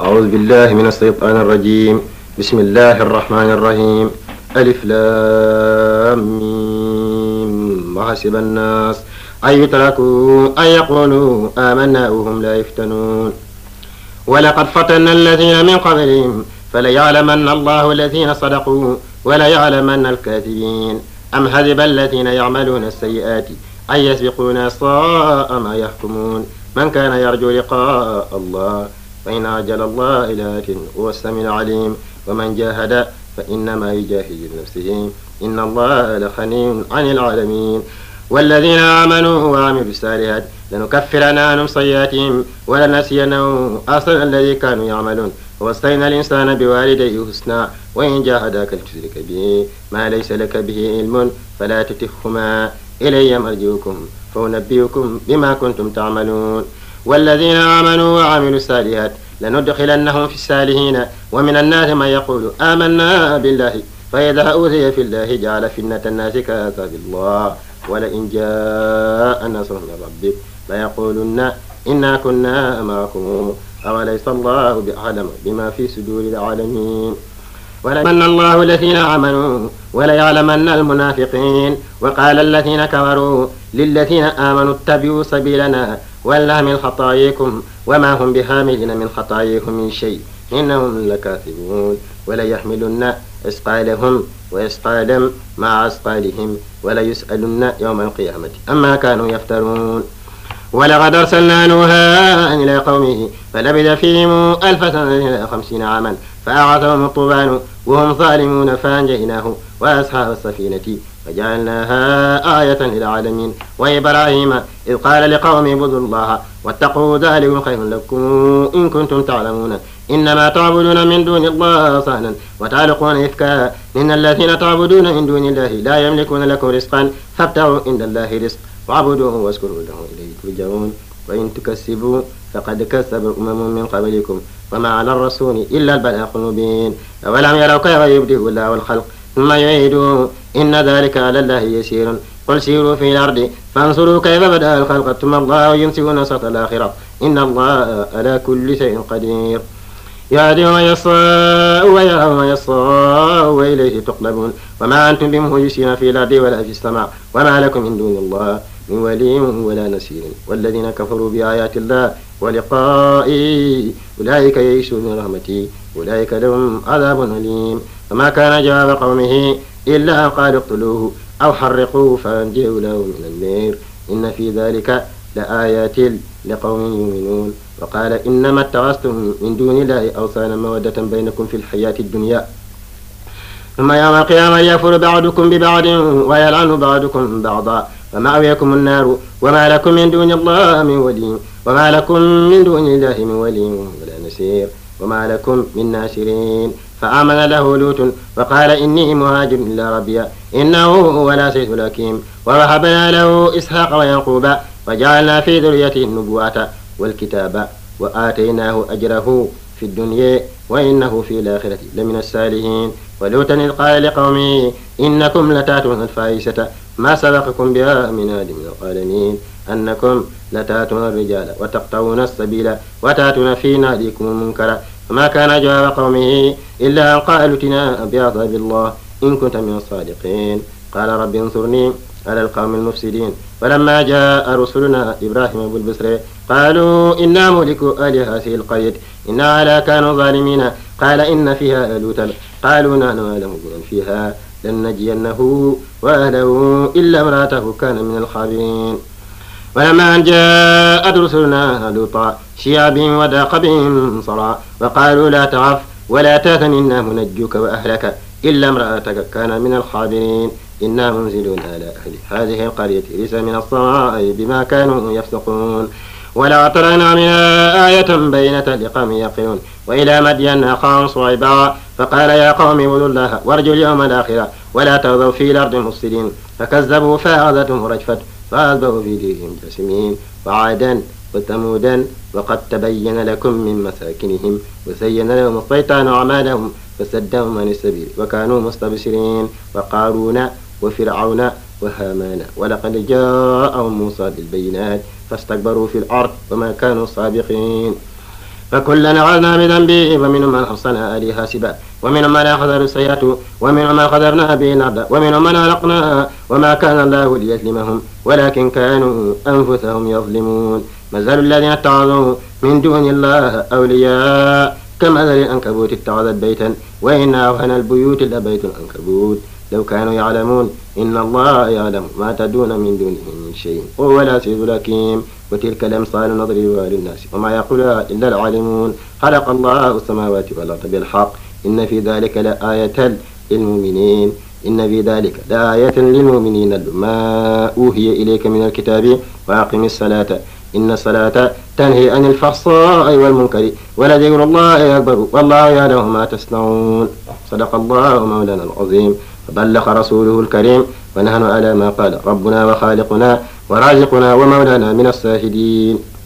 أعوذ بالله من الشيطان الرجيم بسم الله الرحمن الرحيم ألف لام ميم وحسب الناس أن يتركوا أن يقولوا آمنا وهم لا يفتنون ولقد فتنا الذين من قبلهم فليعلمن الله الذين صدقوا وليعلمن الكاذبين أم حسب الذين يعملون السيئات أن يسبقونا ساء ما يحكمون من كان يرجو لقاء الله فإن عجل الله إلى أجل هو السميع العليم ومن جاهد فإنما يجاهد نفسه إن الله لخني عن العالمين والذين آمنوا وعملوا الصالحات لنكفرن عنهم سيئاتهم ولنسينهم أصلا الذي كانوا يعملون ووصينا الإنسان بوالديه حسنا وإن جاهداك لتشرك به ما ليس لك به علم فلا تتخهما إلي مرجوكم فأنبئكم بما كنتم تعملون والذين آمنوا وعملوا الصالحات لندخلنهم في السالحين ومن الناس من يقول آمنا بالله فإذا أوذي في الله جعل فتنة الناس كعذاب الله ولئن جاء نصر من ربك ليقولن إنا كنا معكم أوليس الله بأعلم بما في صدور العالمين وليعلمن الله الذين آمنوا وليعلمن المنافقين وقال الذين كفروا للذين آمنوا اتبعوا سبيلنا ولا من خطاياكم وما هم بحاملين من خطاياهم من شيء إنهم لكاذبون وليحملن إثقالهم وإثقالا مع أثقالهم وليسألن يوم القيامة أما كانوا يفترون ولقد أرسلنا نوحا إلى قومه فلبث فيهم ألف سنة إلى خمسين عاما فأعطهم الطوفان وهم ظالمون فأنجيناه وأصحاب السفينة فجعلناها آية للعالمين وإبراهيم إذ قال لقومه اعبدوا الله واتقوا ذلك خير لكم إن كنتم تعلمون إنما تعبدون من دون الله صهنا وتعلقون إفكا إن الذين تعبدون من دون الله لا يملكون لكم رزقا فابتغوا عند الله رزق واعبدوه واشكروا له إليه ترجعون وإن تكسبوا فقد كسب أمم من قبلكم وما على الرسول إلا البلاغ المبين أولم يروا كيف يبدئ الله الخلق ثم يعيده إن ذلك على الله يسير قل سيروا في الأرض فانصروا كيف بدأ الخلق ثم الله ينسي نصرة الآخرة إن الله على كل شيء قدير يهدي يصاء ويرى يصاء وإليه تقلبون وما أنتم بمهجسين في الأرض ولا في السماء وما لكم من دون الله من ولي ولا نصير والذين كفروا بآيات الله ولقائي أولئك يئسوا من رحمتي أولئك لهم عذاب أليم فما كان جواب قومه إلا أن قالوا اقتلوه أو حرقوه فأنجئوا له من النير إن في ذلك لآيات لقوم يؤمنون وقال إنما اتخذتم من دون الله أوثانا مودة بينكم في الحياة الدنيا ثم يوم القيامة يفر بعضكم ببعض ويلعن بعضكم بعضا فمأويكم النار وما لكم من دون الله من ولي وما لكم من دون الله من ولي ولا نسير وما لكم من ناشرين فآمن له لوط وقال إني مهاجر إلى ربي إنه هو العزيز الحكيم ووهبنا له إسحاق ويعقوب وجعلنا في ذريته النبوة والكتاب وآتيناه أجره في الدنيا وإنه في الآخرة لمن الصالحين ولوطا إذ قال لقومه إنكم لتأتون الفاحشة ما سبقكم بها من آدم القادمين أنكم لتاتون الرجال وتقطعون السبيل وتاتون في ناديكم المنكر وما كان جواب قومه إلا أن قالوا تنا بعذاب الله إن كنت من الصادقين قال رب انصرني على القوم المفسدين ولما جاء رسلنا إبراهيم أبو البصر قالوا إنا ملك أهل هذه القرية إنا على كانوا ظالمين قال إن فيها ألوتا قالوا نحن أعلم فيها لنجينه وأهله إلا امرأته كان من الخابرين ولما جاءت رسلنا لوطا شيعا بهم بهم صرا وقالوا لا تعف ولا تاثن إنا منجوك وأهلك إلا امرأتك كان من الخابرين إنا منزلون على أهل هذه القرية ليس من الصراع بما كانوا يفسقون ولا ترانا منها بينة لقوم يقلون وإلى مدين أخاهم صعيبا فقال يا قوم اعبدوا الله وارجوا اليوم الآخرة ولا تغضوا في الأرض مفسدين فكذبوا فأخذتهم رجفة فأذبوا في ديرهم جاسمين وعادا وثمودا وقد تبين لكم من مساكنهم وزين لهم الشيطان أعمالهم فسدهم عن السبيل وكانوا مستبصرين وقارون وفرعون وهامان ولقد جاءهم موسى بالبينات فاستكبروا في الأرض وما كانوا سابقين فكلا عذنا بذنبه ومنهم من أرسلنا أليها سبا ومنهم من أخذ بالسيئات ومنهم من خذرنا به الأرض ومنهم من أغرقنا وما كان الله ليظلمهم ولكن كانوا أنفسهم يظلمون مثل الذين اتخذوا من دون الله أولياء كمثل الأنكبوت اتخذت بيتا وإن أوهن البيوت لبيت الأنكبوت لو كانوا يعلمون إن الله يعلم ما تدون من دونه من شيء وهو العزيز الحكيم وتلك الأمثال نضربها للناس وما يقولها إلا العالمون خلق الله السماوات والأرض بالحق إن في ذلك لآية للمؤمنين إن في ذلك لآية للمؤمنين ما أوهي إليك من الكتاب وأقم الصلاة إن الصلاة تنهي عن الفحصاء والمنكر ولذكر الله أكبر والله يعلم ما تصنعون صدق الله مولانا العظيم وبلغ رسوله الكريم ونحن على ما قال ربنا وخالقنا ورازقنا ومولانا من الساهدين